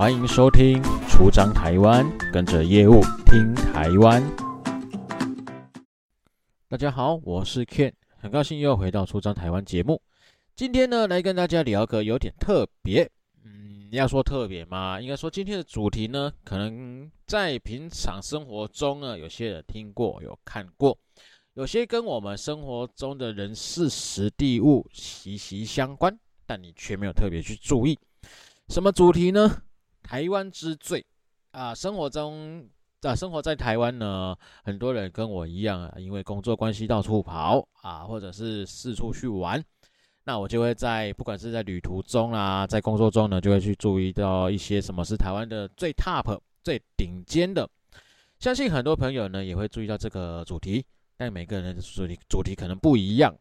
歡迎收聽《出張台灣》，跟着業務聽台灣。大家好，我是 Ken，很高興又回到《出張台灣》節目。今天呢，來跟大家聊個有點特別。嗯，要說特別嗎？應該說今天的主題呢，可能在平常生活中呢，有些人聽過、有看過，有些跟我們生活中的人、事、時、地、物息息相關，但你卻沒有特別去注意。什麼主題呢？台灣之最啊，生活中啊，生活在台灣呢，很多人跟我一樣啊，因為工作關係到處跑啊，或者是四處去玩，那我就會在不管是在旅途中啊，在工作中呢，就會去注意到一些什麼是台灣的最 top、最頂尖的。相信很多朋友呢也會注意到這個主題，但每個人的主題主題可能不一樣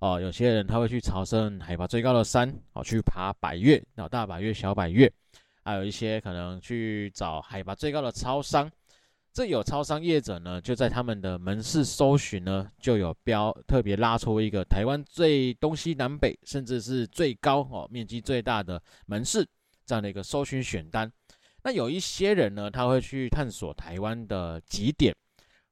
哦。有些人他會去朝聖海拔最高的山，哦，去爬百岳，然後大百岳、小百岳。還有、啊、一些可能去找海拔最高的超商，這有超商業者呢，就在他們的門市搜尋呢，就有標特別拉出一個台灣最東西南北，甚至是最高哦，面積最大的門市這樣的一個搜尋選單。那有一些人呢，他會去探索台灣的極點，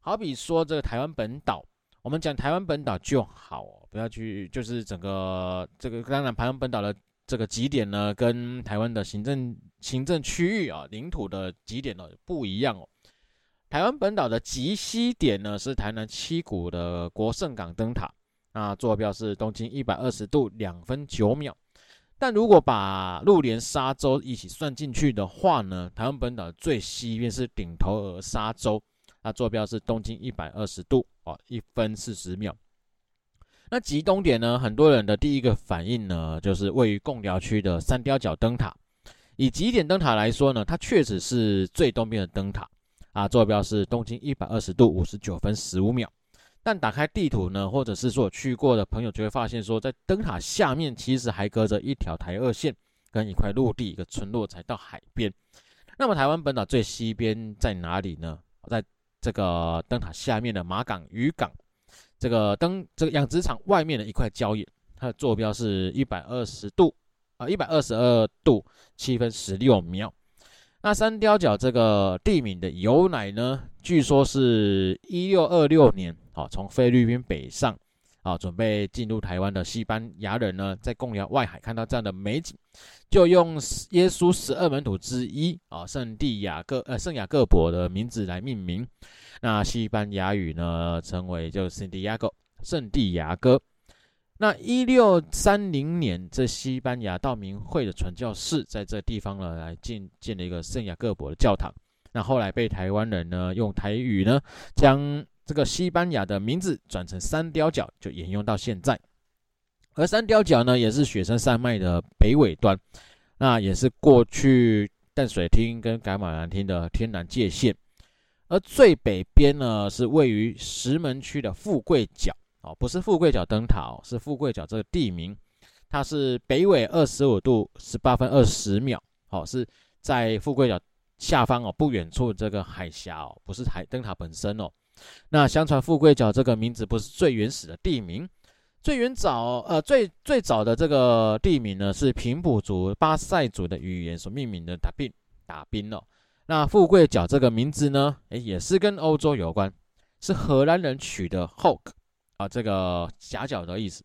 好比說這個台灣本島，我們講台灣本島就好、哦，不要去就是整個這個，當然台灣本島的。這個極點呢，跟台灣的行政行政區域啊、領土的極點呢、啊、不一樣哦。台灣本島的極西點呢，是台南七股的國聖港燈塔，那坐標是東經一百二十度兩分九秒。但如果把陸連沙洲一起算進去的話呢，台灣本島最西邊是頂頭額沙洲，那坐標是東經一百二十度啊一分四十秒。那極東點呢？很多人的第一個反應呢，就是位於貢寮區的三貂角燈塔。以極點燈塔來說呢，它確實是最東邊的燈塔啊，坐標是東經一百二十度五十九分十五秒。但打開地圖呢，或者是說去過的朋友就會發現說，在燈塔下面其實還隔着一條台二線跟一塊陸地、一個村落才到海邊。那麼台灣本島最西邊在哪裡呢？在這個燈塔下面的馬崗漁港。這個燈，這個養殖場外面的一塊礁岩，它的坐標是一百二十度啊，一百二十二度七分十六秒。那三貂角這個地名的由來呢，據說是一六二六年啊、哦，從菲律賓北上。啊，準備進入台灣的西班牙人呢，在貢寮外海看到這樣的美景，就用耶穌十二門徒之一啊，聖地亞哥，呃，聖雅各伯的名字來命名。那西班牙語呢，稱為就 Santiago，聖地亞哥聖地牙哥。那一六三零年，這西班牙道明會的傳教士在這地方呢，來建建了一個聖雅各伯的教堂。那後來被台灣人呢，用台語呢，將這個西班牙的名字轉成三貂角，就沿用到現在。而三貂角呢，也是雪山山脈的北尾端，那也是過去淡水廳跟噶瑪蘭廳的天然界線。而最北邊呢，是位於石門區的富貴角哦，不是富貴角燈塔，是富貴角這個地名。它是北緯二十五度十八分二十秒，哦，是在富貴角下方哦，不遠處這個海峽哦，不是海燈塔本身哦。那相傳富貴角這個名字不是最原始的地名最，呃，最原早呃最最早的這個地名呢是平埔族巴賽族的語言所命名的打賓打賓哦。那富貴角這個名字呢，誒、欸，也是跟歐洲有關，是荷蘭人取的 hook 啊，這個岬角的意思。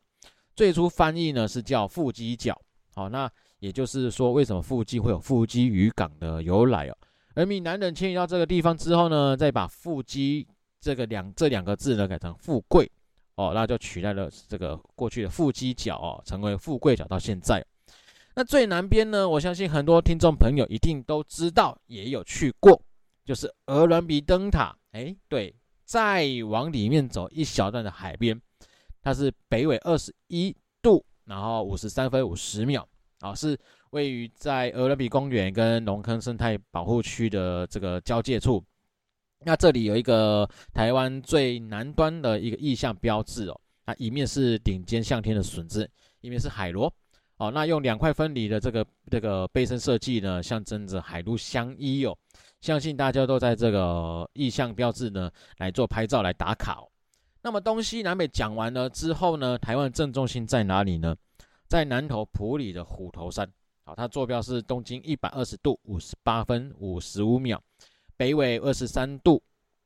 最初翻譯呢是叫富基角，好、哦、那也就是說為什麼富基會有富基漁港的由來哦。而閩南人遷移到這個地方之後呢，再把富基。這個兩這兩個字呢，改成富貴哦，那就取代了這個過去的富基角哦，成為富貴角到現在。那最南邊呢，我相信很多聽眾朋友一定都知道，也有去過，就是鵝鑾鼻燈塔。哎，對，再往裡面走一小段的海邊，它是北緯二十一度，然後五十三分五十秒啊、哦，是位於在鵝鑾鼻公園跟農坑生態保護區的這個交界處。那這裡有一個台灣最南端的一個意象標誌哦，它一面是頂尖向天的筍子，一面是海螺，哦，那用兩塊分離的這個這個背身設計呢，象徵着海陸相依哦。相信大家都在這個意象標誌呢來做拍照來打卡，哦。那麼東西南北講完了之後呢，台灣正中心在哪裡呢？在南投埔里的虎頭山，好、哦，它坐標是東經一百二十度五十八分五十五秒。北緯二十三度，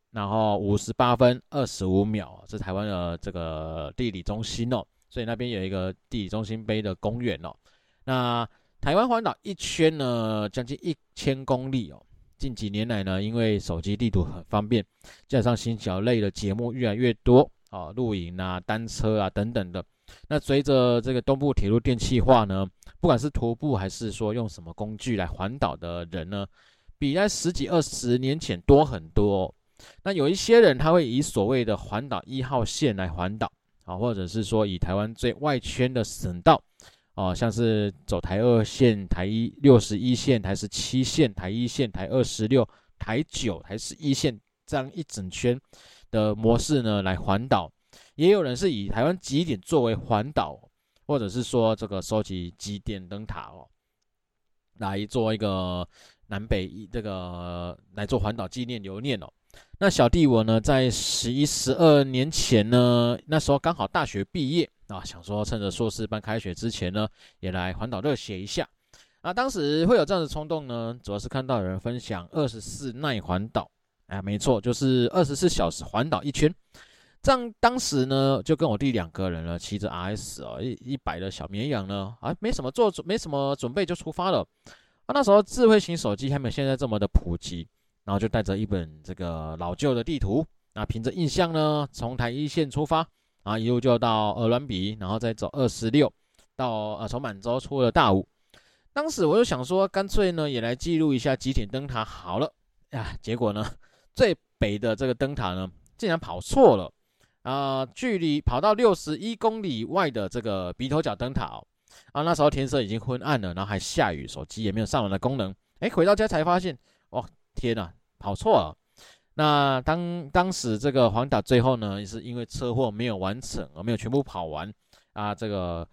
然後五十八分二十五秒，是台灣的這個地理中心哦，所以那邊有一個地理中心碑的公園哦。那台灣環島一圈呢，將近一千公里哦。近幾年來呢，因為手機地圖很方便，加上新腳類的節目越來越多啊、哦，露營啊、單車啊等等的。那隨着這個東部鐵路電氣化呢，不管是徒步還是說用什麼工具來環島的人呢，比在十幾二十年前多很多哦。那有一些人他會以所謂的環島一號線來環島啊，或者是說以台灣最外圈的省道，哦，像是走台二線、台一六十一線、台十七線、台一線、台二十六、台九、台十一線這樣一整圈的模式呢來環島。也有人是以台灣極點作為環島，或者是說這個收集極點燈塔哦。來做一個南北這個、呃、來做環島紀念留念哦。那小弟我呢，在十一十二年前呢，那時候剛好大學畢業啊，想說趁着碩士班開學之前呢，也來環島熱血一下。啊，當時會有這樣的衝動呢，主要是看到有人分享二十四耐環島，啊，沒錯，就是二十四小時環島一圈。這樣當時呢，就跟我弟兩個人呢，騎着 RS 啊、哦，一一百的小綿羊呢，啊，沒什麼做準，沒什麼準備就出發了。啊，那時候智慧型手機還沒有現在這麼的普及，然後就帶着一本這個老舊的地圖，那、啊、憑着印象呢，從台一線出發，啊，一路就到鵝銮鼻，然後再走二十六，到呃從滿州出了大武。當時我就想說，乾脆呢也來記錄一下極點燈塔好了，呀、啊，結果呢，最北的這個燈塔呢，竟然跑錯了。啊、呃，距離跑到六十一公里外的這個鼻頭角燈塔、哦、啊，那時候天色已經昏暗了，然後還下雨，手機也沒有上網的功能。哎，回到家才發現，哇、哦，天吶、啊，跑錯了！那當當時這個環島最後呢，也是因為車禍沒有完成，而沒有全部跑完啊。這個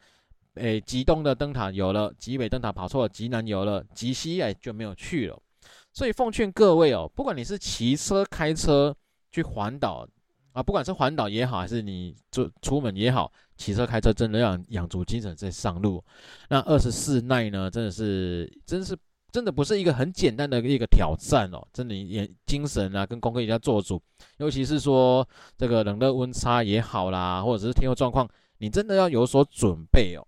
誒，極東的燈塔有了，極北燈塔跑錯了，極南有了，極西哎就沒有去了。所以奉勸各位哦，不管你是騎車、開車去環島。啊，不管是環島也好，還是你做出、出門也好，騎車開車真的要養足精神再上路。那二十四耐呢，真的是，真是，真的不是一個很簡單的一個挑戰哦，真的也精神啊，跟功課一定要做足。尤其是說這個冷熱溫差也好啦，或者是天候狀況，你真的要有所準備哦。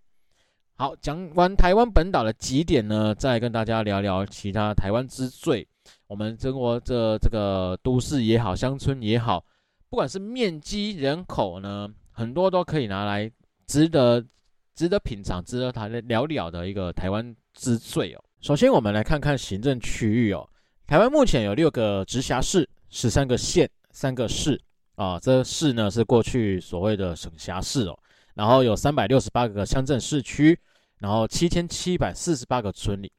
好，講完台灣本島的極點呢，再跟大家聊聊其他台灣之最。我們生活這這個都市也好，鄉村也好。不管是面積、人口呢，很多都可以拿來值得、值得品嘗、值得談的聊聊的一個台灣之最哦。首先，我們來看看行政區域哦。台灣目前有六個直轄市、十三個縣、三個市啊。這市呢是過去所謂的省轄市哦。然後有三百六十八個鄉鎮市區，然後七千七百四十八個村里。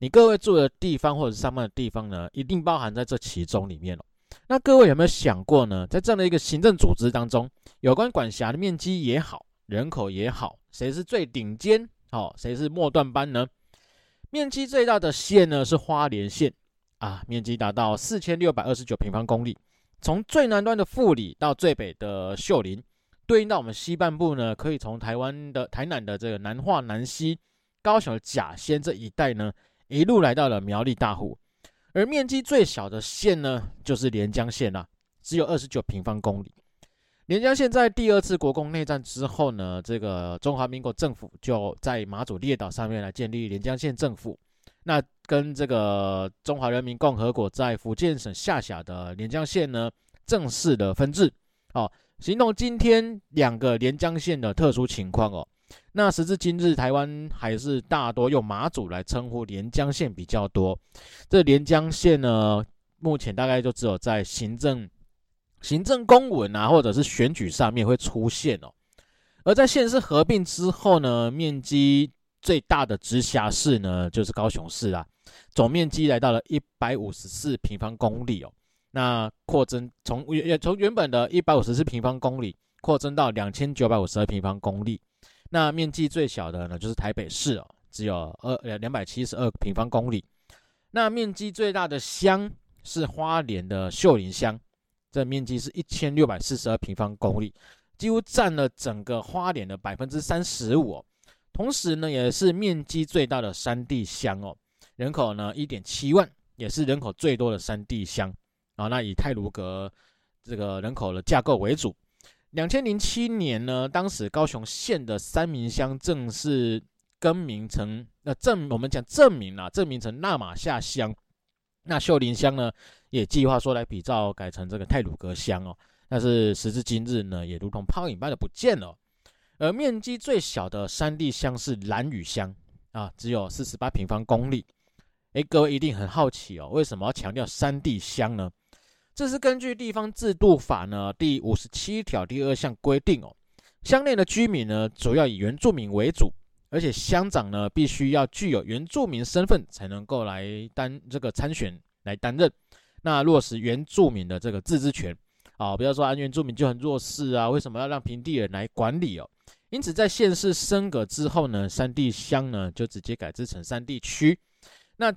你各位住的地方或者上班的地方呢，一定包含在這其中裡面哦。那各位有沒有想過呢？在這樣的一個行政組織當中，有關管轄的面積也好，人口也好，誰是最頂尖？哦，誰是末段班呢？面積最大的縣呢是花蓮縣啊，面積達到四千六百二十九平方公里。從最南端的富里到最北的秀林，對應到我們西半部呢，可以從台灣的台南的這個南化、楠西、高雄的甲仙這一帶呢，一路來到了苗栗大湖。而面積最小的縣呢，就是連江縣啊，只有二十九平方公里。連江縣在第二次國共內戰之後呢，這個中華民國政府就在馬祖列島上面來建立連江縣政府，那跟這個中華人民共和國在福建省下轄的連江縣呢，正式的分治。哦，形容今天兩個連江縣的特殊情況哦。那時至今日，台灣還是大多用馬祖來稱呼連江縣比較多。這連江縣呢，目前大概就只有在行政、行政公文啊，或者是選舉上面會出現哦。而在縣市合併之後呢，面積最大的直轄市呢，就是高雄市啦、啊，總面積來到了一百五十四平方公里哦。那擴增從原從原本的一百五十四平方公里，擴增到兩千九百五十二平方公里。那面積最小的呢，就是台北市哦，只有二兩百七十二平方公里。那面積最大的鄉是花蓮的秀林鄉，這面積是一千六百四十二平方公里，幾乎佔了整個花蓮的百分之三十五。同時呢，也是面積最大的山地鄉哦，人口呢一點七萬，也是人口最多的山地鄉。然、哦、後那以太魯閣這個人口的架構為主。兩千零七年呢，當時高雄縣的三民鄉正式更名成，那、呃、正我們講正名啊，正名成那瑪夏鄉。那秀林鄉呢，也計劃說來比照改成這個太魯閣鄉哦。但是時至今日呢，也如同泡影般的不見了、哦。而面積最小的山地鄉是蘭嶼鄉啊，只有四十八平方公里。哎，各位一定很好奇哦，為什麼要強調山地鄉呢？這是根據地方制度法呢，第五十七條第二項規定哦，鄉內的居民呢，主要以原住民為主，而且鄉長呢必須要具有原住民身份才能夠來擔這個參選來擔任，那落實原住民的這個自治權啊，不要說啊原住民就很弱勢啊，為什麼要讓平地人來管理哦？因此在縣市升格之後呢，山地鄉呢就直接改制成山地區，那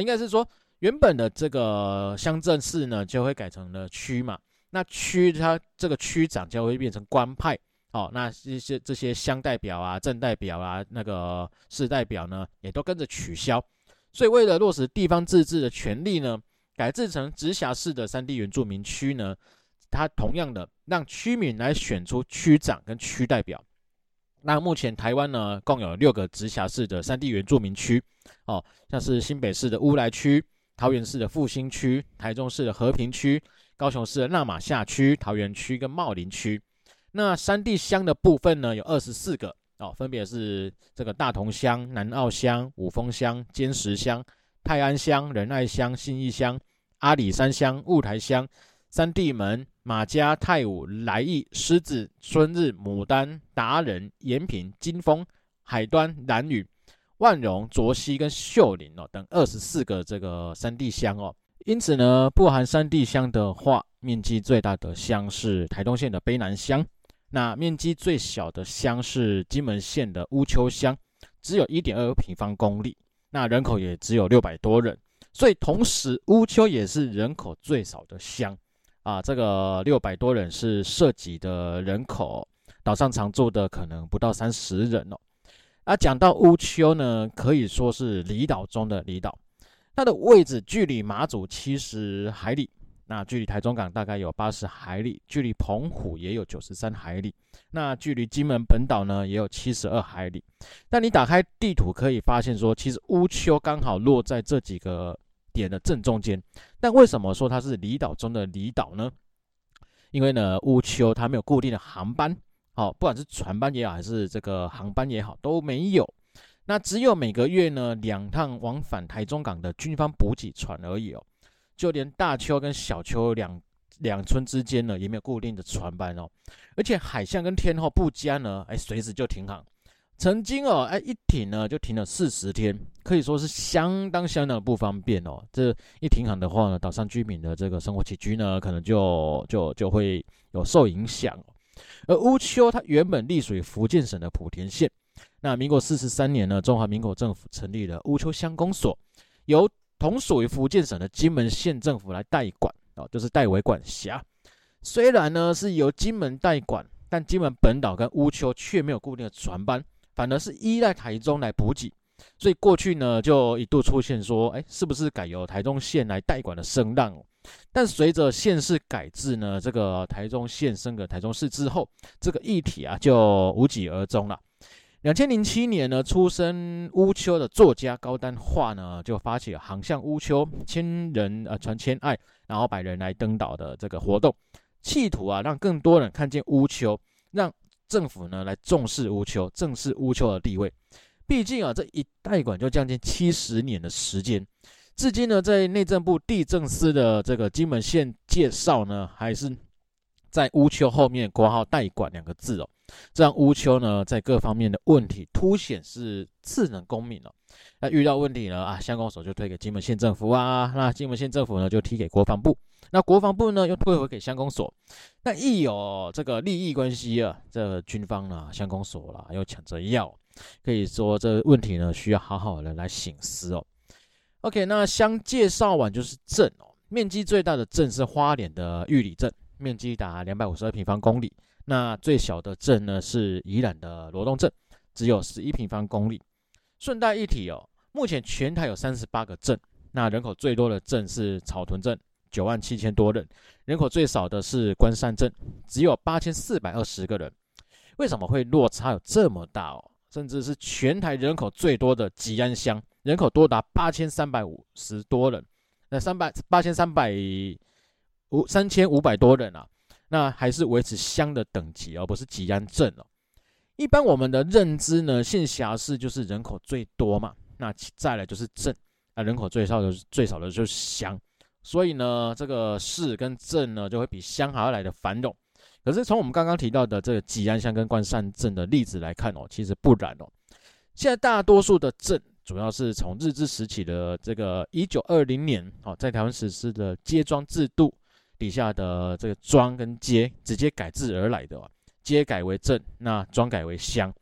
應該是說。原本的這個鄉鎮市呢，就會改成了區嘛。那區它這個區長就會變成官派哦。那這些這些鄉代表啊、鎮代表啊、那個市代表呢，也都跟着取消。所以為了落實地方自治的權利呢，改制成直轄市的山地原住民區呢，它同樣的讓區民來選出區長跟區代表。那目前台灣呢，共有六個直轄市的山地原住民區哦，像是新北市的烏來區。桃園市的復興區、臺中市的和平區、高雄市的那瑪夏區、桃源區跟茂林區，那山地鄉的部分呢，有二十四個哦，分別是這個大同鄉、南澳鄉、五峰鄉、尖石鄉、泰安鄉、仁愛鄉、信義鄉、阿里山鄉、霧臺鄉、三地門、瑪家、泰武、來義、獅子、春日、牡丹、達仁、延平、金峰、海端、蘭嶼、萬榮、卓溪跟秀林哦，等二十四個這個山地鄉哦，因此呢，不含山地鄉的話，面積最大的鄉是台東縣的卑南鄉，那面積最小的鄉是金門縣的烏坵鄉，只有一點二平方公里，那人口也只有六百多人，所以同時烏坵也是人口最少的鄉啊，這個六百多人是設籍的人口，島上常住的可能不到三十人哦。而、啊，講到烏坵呢，可以說是離島中的離島。它的位置距離馬祖七十海里，那距離台中港大概有八十海里，距離澎湖也有九十三海里，那距離金門本島呢也有七十二海里。但你打開地圖可以發現說，說其實烏坵剛好落在這幾個點的正中間。但為什麼說它是離島中的離島呢？因為呢，烏坵它沒有固定的航班。哦，不管是船班也好，還是這個航班也好，都沒有。那只有每個月呢兩趟往返台中港的軍方補給船而已哦。就連大坵跟小坵兩兩村之間呢，也沒有固定的船班哦。而且海象跟天候不佳呢，哎，隨時就停航。曾經哦，哎，一停呢就停了四十天，可以說是相當相當不方便哦。這一停航的話呢，島上居民的這個生活起居呢，可能就就就會有受影響。而烏坵，它原本隸屬於福建省的莆田縣。那民國四十三年呢，中華民國政府成立了烏坵鄉公所，由同屬於福建省的金門縣政府來代管啊，就是代為管轄。雖然呢是由金門代管，但金門本島跟烏坵卻沒有固定的船班，反而是依賴台中來補給。所以過去呢，就一度出現說，哎，是不是改由台中縣來代管的聲浪哦？但隨着縣市改制呢，這個台中縣升格台中市之後，這個議題啊就無疾而終了。兩千零七年呢，出生烏坵的作家高丹華呢，就發起了航向烏坵千人呃傳千愛，然後百人來登島的這個活動，企圖啊讓更多人看見烏坵，讓政府呢來重視烏坵，正視烏坵的地位。畢竟啊，這一代管就將近七十年的時間，至今呢，在內政部地政司的這個金門縣介紹呢，還是在烏坵後面括號“代管”兩個字哦，這樣烏坵呢，在各方面的問題凸顯是次等公民哦。那遇到問題呢啊，鄉公所就推給金門縣政府啊，那金門縣政府呢，就踢給國防部，那國防部呢，又退回給鄉公所。那一有這個利益關係啊，這軍方啊鄉公所啦、啊，又搶着要。可以說這個問題呢，需要好好的來省思哦。OK，那鄉介紹完就是鎮哦，面積最大的鎮是花蓮的玉里鎮，面積達兩百五十二平方公里。那最小的鎮呢是宜蘭的羅東鎮，只有十一平方公里。順帶一提哦，目前全台有三十八個鎮，那人口最多的鎮是草屯鎮，九萬七千多人；人口最少的是關山鎮，只有八千四百二十個人。為什麼會落差有這麼大哦？甚至是全台人口最多的吉安鄉，人口多達八千三百五十多人，那三百八千三百五三千五百多人啊，那還是維持鄉的等級哦，而不是吉安鎮了哦。一般我們的認知呢，縣轄市就是人口最多嘛，那再來就是鎮啊，那人口最少的最少的就是鄉，所以呢，這個市跟鎮呢，就會比鄉還要來得繁榮。可是從我們剛剛提到的這個吉安鄉跟關山鎮的例子來看哦，其實不然哦。現在大多數的鎮主要是從日治時期的這個一九二零年哦，在台灣實施的街莊制度底下的這個莊跟街直接改制而來的，哦，街改為鎮，那莊改為鄉。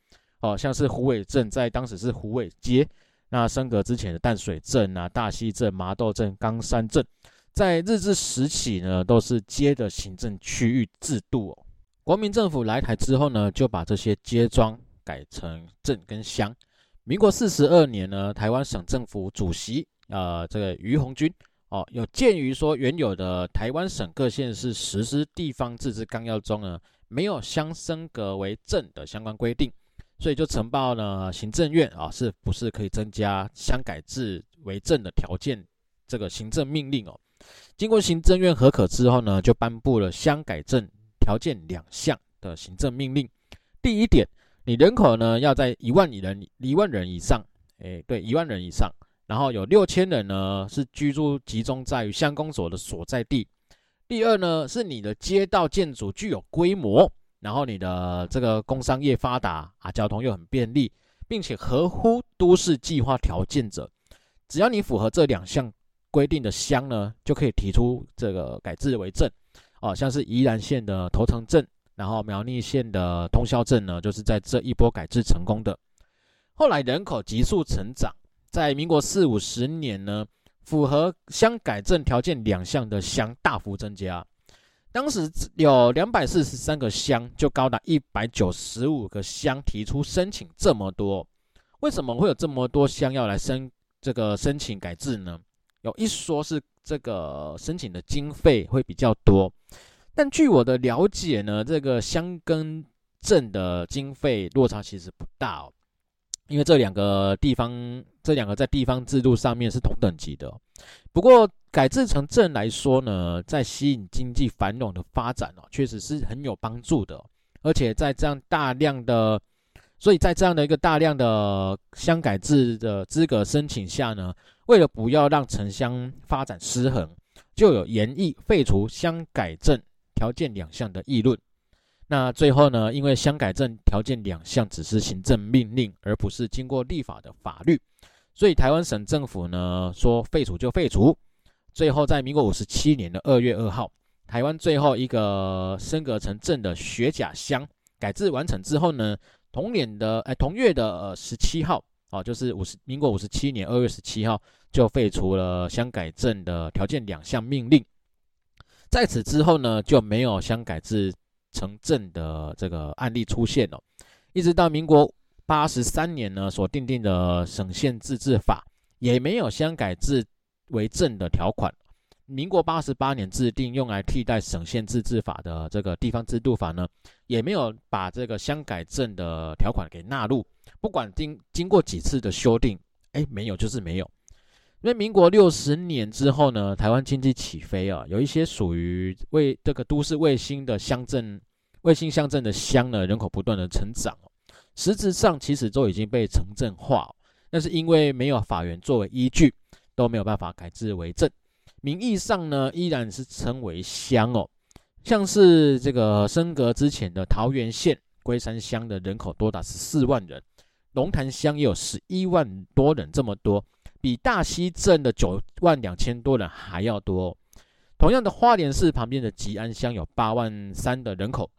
哦，像是虎尾鎮在當時是虎尾街，那升格之前的淡水鎮啊、大溪鎮、麻豆鎮、岡山鎮。在日治時期呢，都是街的行政區域制度、哦。國民政府來台之後呢，就把這些街莊改成鎮跟鄉。民國四十二年呢，台灣省政府主席啊、呃，這個俞鴻鈞哦，有鑑於說原有的台灣省各縣市實施地方自治綱要中呢，沒有鄉升格為鎮的相關規定，所以就呈報呢行政院啊，是不是可以增加鄉改制為鎮的條件？這個行政命令哦。經過行政院核可之後呢，就頒布了鄉改鎮條件兩項的行政命令。第一點，你人口呢要在一萬以人、一萬人以上，誒，對，一萬人以上，然後有六千人呢是居住集中在於鄉公所的所在地。第二呢，是你的街道建築具有規模，然後你的這個工商業發達啊，交通又很便利，並且合乎都市計劃條件者，只要你符合這兩項。規定的鄉呢，就可以提出這個改制為鎮，哦、啊，像是宜蘭縣的頭城鎮，然後苗栗縣的通霄鎮呢，就是在這一波改制成功的。後來人口急速成長，在民國四五十年呢，符合鄉改鎮條件兩項的鄉大幅增加，當時有兩百四十三個鄉，就高達一百九十五個鄉提出申請，這麼多，為什麼會有這麼多鄉要來申這個申請改制呢？有一說是這個申請的經費會比較多，但據我的了解呢，這個鄉跟鎮的經費落差其實不大哦，因為這兩個地方這兩個在地方制度上面是同等級的。不過改制成鎮來說呢，在吸引經濟繁榮的發展啊，確實是很有幫助的。而且在這樣大量的，所以在這樣的一個大量的鄉改制的資格申請下呢。為了不要讓城鄉發展失衡，就有研議廢除鄉改鎮條件兩項的議論。那最後呢，因為鄉改鎮條件兩項只是行政命令，而不是經過立法的法律，所以台灣省政府呢說廢除就廢除。最後在民國五十七年的二月二號，台灣最後一個升格成鎮的學甲鄉改制完成之後呢，同年的哎同月的呃、十七號哦、啊，就是五十民國五十七年二月十七號。就廢除了鄉改鎮的條件兩項命令，在此之後呢，就沒有鄉改制成鎮的這個案例出現了。一直到民國八十三年呢，所訂定，定的省縣自治法也沒有鄉改制為鎮的條款。民國八十八年制定用來替代省縣自治法的這個地方制度法呢，也沒有把這個鄉改鎮的條款給納入。不管經經過幾次的修訂，哎，沒有就是沒有。因為民國六十年之後呢，台灣經濟起飛啊，有一些屬於為這個都市衛星的鄉鎮、衛星鄉鎮的鄉呢，人口不斷的成長哦，實質上其實都已經被城鎮化，哦，但是因為沒有法源作為依據，都沒有辦法改制為鎮，名義上呢依然是稱為鄉哦。像是這個升格之前的桃園縣龜山鄉的人口多達十四萬人，龍潭鄉也有十一萬多人，這麼多。比大溪鎮的九萬兩千多人還要多，哦。同樣的，花蓮市旁邊的吉安鄉有八萬三的人口，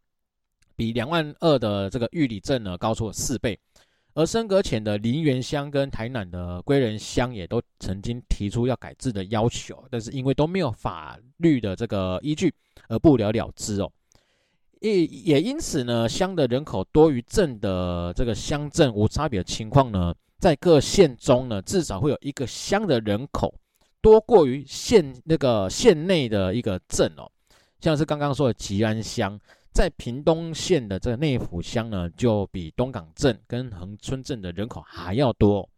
比兩萬二的這個玉里鎮呢高出了四倍。而升格前的林園鄉跟台南的歸仁鄉也都曾經提出要改制的要求，但是因為都沒有法律的這個依據，而不了了之哦。也也因此呢，鄉的人口多於鎮的這個鄉鎮無差別的情況呢。在各縣中呢，至少會有一個鄉的人口多過於縣那個縣內的一個鎮哦，像是剛剛說的吉安鄉，在屏東縣的這個內埔鄉呢，就比東港鎮跟恆春鎮的人口還要多哦。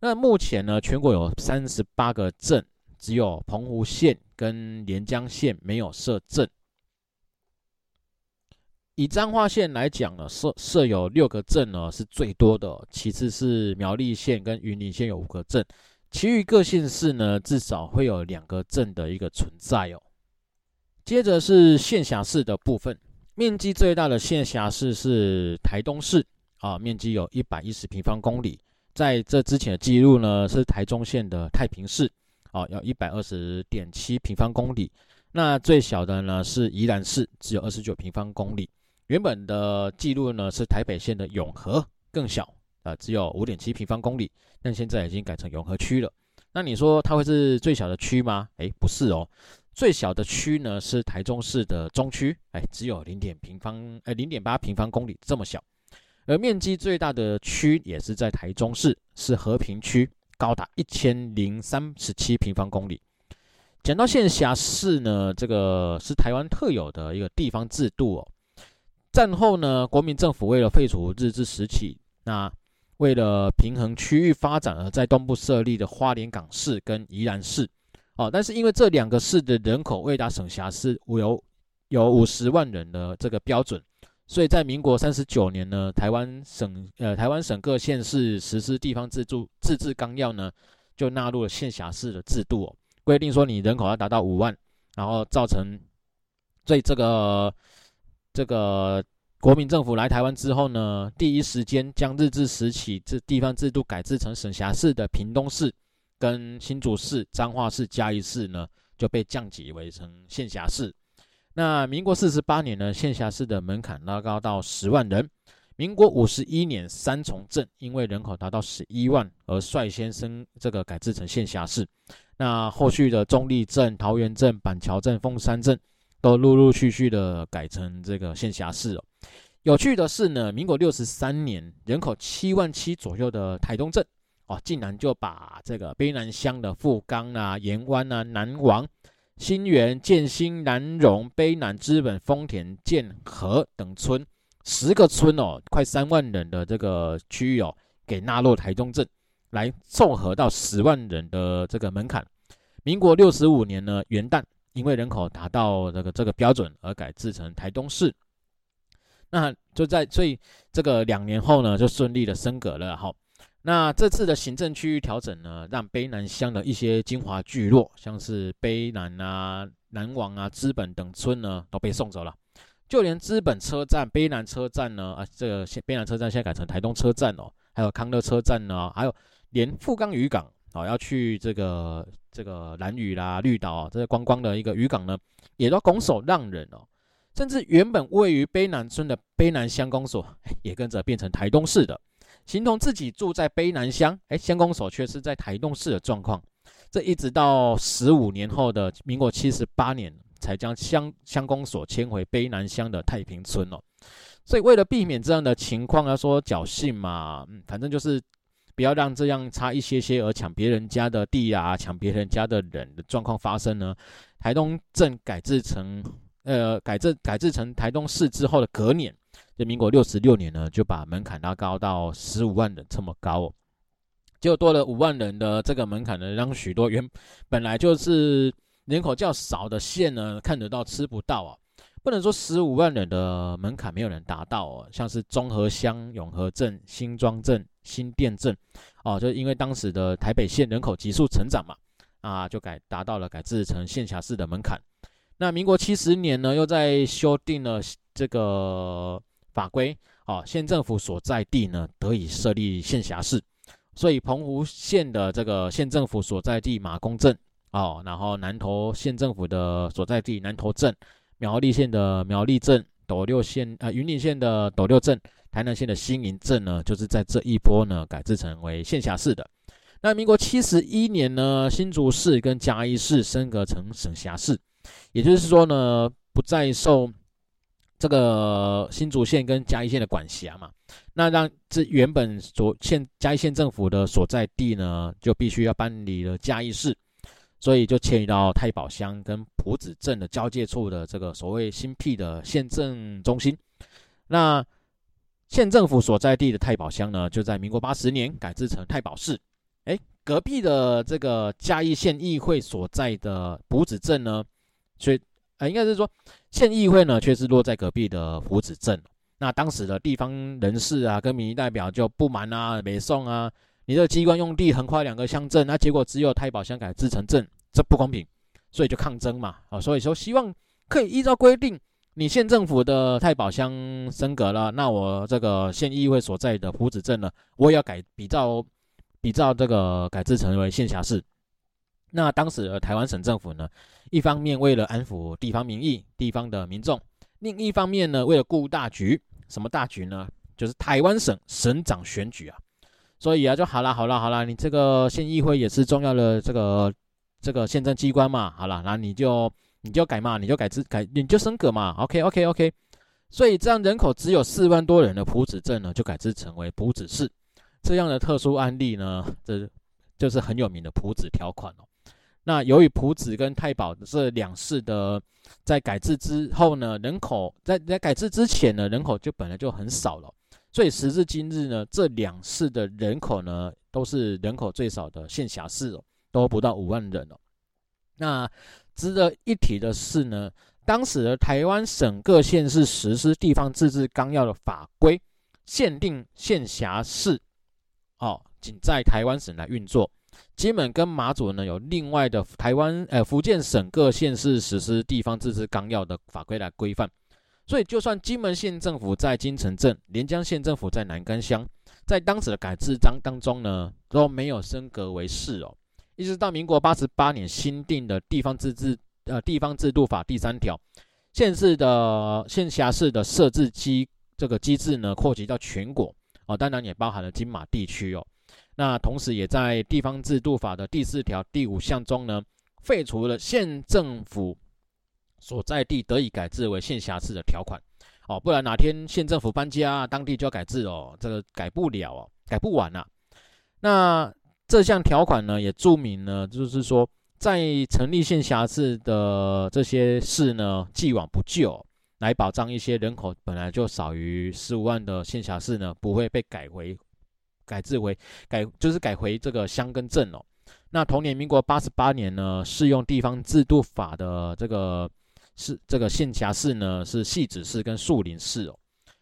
那目前呢，全國有三十八個鎮，只有澎湖縣跟連江縣沒有設鎮。以彰化縣來講呢，設設有六個鎮呢，是最多的哦。其次是苗栗縣跟雲林縣有五個鎮，其餘各縣市呢，至少會有兩個鎮的一個存在哦。接着是縣轄市的部分，面積最大的縣轄市是臺東市啊，面積有一百一十平方公里。在這之前的記錄呢是臺中縣的太平市啊，有一百二十點七平方公里。那最小的呢是宜蘭市，只有二十九平方公里。原本的記錄呢是台北縣的永和更小啊，呃，只有五點七平方公里，但現在已經改成永和區了。那你說它會是最小的區嗎？哎，不是哦，最小的區呢是台中市的中區，哎，只有零點平方，哎，零點八平方公里這麼小。而面積最大的區也是在台中市，是和平區，高達一千零三十七平方公里。講到縣轄市呢，這個是台灣特有的一個地方制度哦。戰後呢，國民政府為了廢除日治時期，那為了平衡區域發展，而在東部設立的花蓮港市跟宜蘭市，哦，但是因為這兩個市的人口未達省轄市有有五十萬人的這個標準，所以在民國三十九年呢，台灣省呃台灣省各縣市實施地方自助自治綱要呢，就納入了縣轄市的制度。哦，規定說你人口要達到五萬，然後造成對這個。這個國民政府來臺灣之後呢，第一時間將日治時期這地方制度改制成省轄市的屏東市、跟新竹市，彰化市，嘉義市呢，就被降級為成縣轄市。那民國四十八年呢，縣轄市的門檻拉高到十萬人。民國五十一年，三重鎮因為人口達到十一萬而率先升這個改制成縣轄市。那後續的中壢鎮、桃園鎮、板橋鎮、鳳山鎮。都陸陸續續的改成這個縣轄市哦。有趣的是呢，民國六十三年人口七萬七左右的台東鎮哦，竟然就把這個卑南鄉的富岡啊、鹽灣啊、南王、新園、建興、南榮、卑南、知本、豐田、建和等村十個村哦，快三萬人的這個區域哦，給納入台東鎮，來湊合到十萬人的這個門檻。民國六十五年呢，元旦。因為人口達到這個這個標準而改制成台東市，那就在所以這個兩年後呢，就順利的升格了。好，那這次的行政區域調整呢，讓卑南鄉的一些精華聚落，像是卑南啊、南王啊、知本等村呢，都被送走了。就連知本車站、卑南車站呢，啊，這個卑南車站現在改成台東車站哦，還有康樂車站呢，還有連富岡漁港。好、哦，要去這個這個蘭嶼啦、綠島啊、哦、這些、個、觀光、光的一個漁港呢，也都拱手讓人哦。甚至原本位於卑南村的卑南鄉公所，也跟着變成台東市的，形同自己住在卑南鄉，哎，鄉公所卻是在台東市的狀況。這一直到十五年後的民國七十八年，才將鄉鄉公所遷回卑南鄉的太平村哦。所以為了避免這樣的情況，要說僥倖嘛，嗯，反正就是。不要讓這樣差一些些而搶別人家的地啊，搶別人家的人的狀況發生呢。台東鎮改制成，呃，改制改制成台東市之後的隔年，這民國六十六年呢，就把門檻拉高到十五萬人這麼高哦，結果多了五萬人的這個門檻呢，讓許多原本來就是人口較少的縣呢，看得到吃不到啊。不能說十五萬人的門檻沒有人達到哦，像是中和鄉、永和鎮、新莊鎮、新店鎮，哦，就是因為當時的台北縣人口急速成長嘛，啊，就改達到了改制成縣轄市的門檻。那民國七十年呢，又在修訂了這個法規，哦，縣政府所在地呢得以設立縣轄市，所以澎湖縣的這個縣政府所在地馬公鎮，哦，然後南投縣政府的所在地南投鎮。苗栗縣的苗栗鎮、斗六縣啊、呃、雲林縣的斗六鎮、台南縣的新營鎮呢，就是在這一波呢改制成為縣轄市的。那民國七十一年呢，新竹市跟嘉義市升格成省轄市，也就是說呢，不再受這個新竹縣跟嘉義縣的管轄嘛。那讓這原本所縣嘉義縣政府的所在地呢，就必須要搬離了嘉義市。所以就遷移到太保鄉跟朴子鎮的交界處的這個所謂新闢的縣政中心。那縣政府所在地的太保鄉呢，就在民國八十年改制成太保市。哎，隔壁的這個嘉義縣議會所在的朴子鎮呢，所以呃，應該是說縣議會呢，卻是落在隔壁的朴子鎮。那當時的地方人士啊，跟民意代表就不滿啊，沒送啊。你這個機關用地橫跨兩個鄉鎮，那結果只有太保鄉改制成鎮，這不公平，所以就抗爭嘛啊！所以說希望可以依照規定，你縣政府的太保鄉升格了，那我這個縣議會所在的朴子鎮呢，我也要改，比照，比照這個改制成為縣轄市。那當時臺灣省政府呢，一方面為了安撫地方民意、地方的民眾，另一方面呢，為了顧大局，什麼大局呢？就是臺灣省省長選舉啊。所以啊，就好啦，好啦，好啦，你這個縣議會也是重要的這個這個行政機關嘛，好啦，那你就你就改嘛，你就改制改，你就升格嘛，OK OK OK。所以這樣，人口只有四萬多人的朴子鎮呢，就改制成為朴子市。這樣的特殊案例呢，這就是很有名的朴子條款哦。那由於朴子跟太保這兩市的在改制之後呢，人口在在改制之前呢，人口就本來就很少了。所以時至今日呢，這兩市的人口呢都是人口最少的縣轄市哦，都不到五萬人。哦。那值得一提的是呢，當時的臺灣省各縣市實施地方自治綱要的法規，限定縣轄市哦僅在臺灣省來運作。金門跟馬祖呢有另外的臺灣，呃，福建省各縣市實施地方自治綱要的法規來規範。所以，就算金門縣政府在金城鎮，連江縣政府在南竿鄉，在當時的改制章當，當中呢，都沒有升格為市哦。一直到民國八十八年新訂的地方自治呃地方制度法第三條，縣市的縣轄市的設置機這個機制呢，擴及到全國哦，當然也包含了金馬地區哦。那同時也在地方制度法的第四條第五項中呢，廢除了縣政府。所在地得以改制為縣轄市的條款，哦，不然哪天縣政府搬家，啊，當地就要改制哦，這個改不了哦，改不完了，啊。那這項條款呢，也註明呢，就是說在成立縣轄市的這些市呢，既往不咎，來保障一些人口本來就少於十五萬的縣轄市呢，不會被改回改制為改就是改回這個鄉跟鎮哦。那同年民國八十八年呢，適用地方制度法的這個。是這個縣轄市呢，是汐止市跟樹林市哦。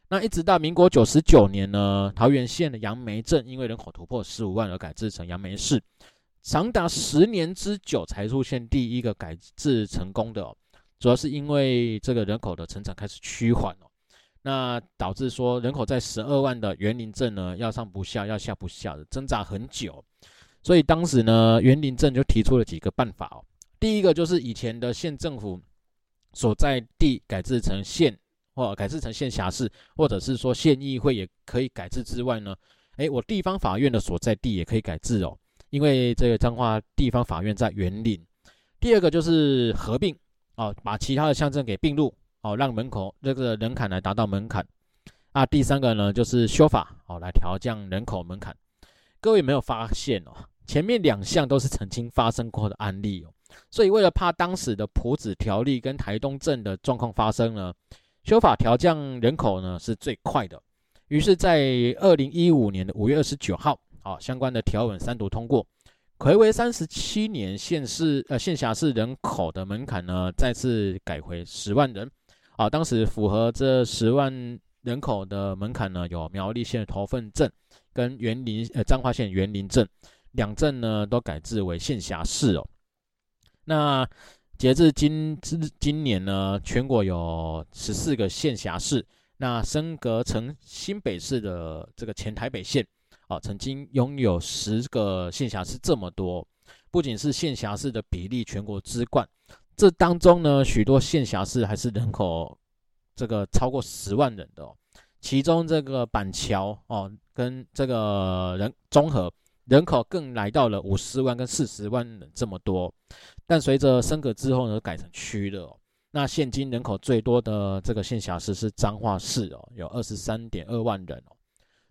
那一直到民國九十九年呢，桃園縣的楊梅鎮因為人口突破十五萬而改制成楊梅市，長達十年之久才出現第一個改制成功的哦。主要是因為這個人口的成長開始趨緩哦，那導致說人口在十二萬的員林鎮呢，要上不下，要下不下的掙扎很久，所以當時呢，員林鎮就提出了幾個辦法哦。第一個就是以前的縣政府。所在地改制成縣，或、哦、改制成縣轄市，或者是說縣議會也可以改制之外呢，誒、欸，我地方法院的所在地也可以改制哦，因為這個彰化地方法院在員林。第二個就是合併，哦，把其他的鄉鎮給併入，哦，讓門口這個門檻來達到門檻。啊，第三個呢就是修法，哦，來調降人口門檻。各位沒有發現哦，前面兩項都是曾經發生過的案例哦。所以，為了怕當時的朴子條例跟台東鎮的狀況發生呢，修法調降人口呢是最快的。於是，在二零一五年的五月二十九號，啊相關的條文三讀通過，回歸三十七年縣市呃縣轄市人口的門檻呢，再次改回十萬人。啊，當時符合這十萬人口的門檻呢，有苗栗縣頭份鎮跟員林呃彰化縣員林鎮兩鎮呢，都改制為縣轄市哦。那截至今今年呢，全國有十四個縣轄市。那升格成新北市的這個前台北縣，哦，曾經擁有十個縣轄市這麼多，不僅是縣轄市的比例全國之冠，這當中呢，許多縣轄市還是人口這個超過十萬人的哦，其中這個板橋哦，跟這個人綜合。人口更來到了五十萬跟四十萬人這麼多，但隨着升格之後呢，改成區了，哦。那現今人口最多的這個縣轄市是彰化市哦，有二十三點二萬人哦。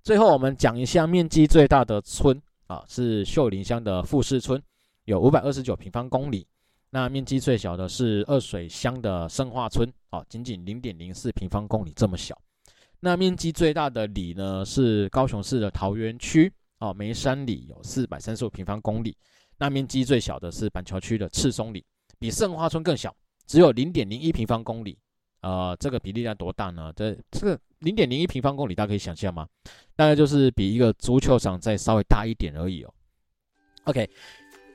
最後我們講一下面積最大的村啊，是秀林鄉的富士村，有五百二十九平方公里。那面積最小的是二水鄉的聖化村哦，啊，僅僅零點零四平方公里這麼小。那面積最大的里呢，是高雄市的桃源區。哦，眉山裡有四百三十五平方公里，那面積最小的是板橋區的赤松裡，比聖花村更小，只有零點零一平方公里。呃，這個比例要多大呢？這這個零點零一平方公里，大家可以想象嗎？大概就是比一個足球場再稍微大一點而已哦。OK，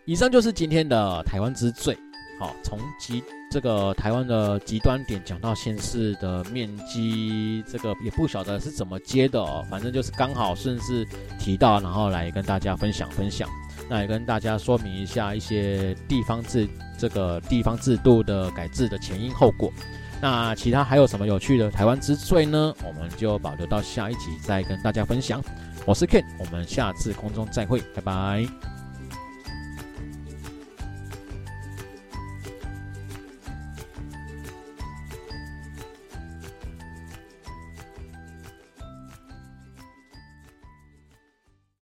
以上就是今天的台灣之最。好，從極這個台灣的極端點講到縣市的面積，這個也不曉得是怎麼接的哦，反正就是剛好順勢提到，然後來跟大家分享分享，那也跟大家說明一下一些地方制這個地方制度的改制的前因後果。那其他還有什麼有趣的台灣之最呢？我們就保留到下一集再跟大家分享。我是 Ken，我們下次空中再會，拜拜。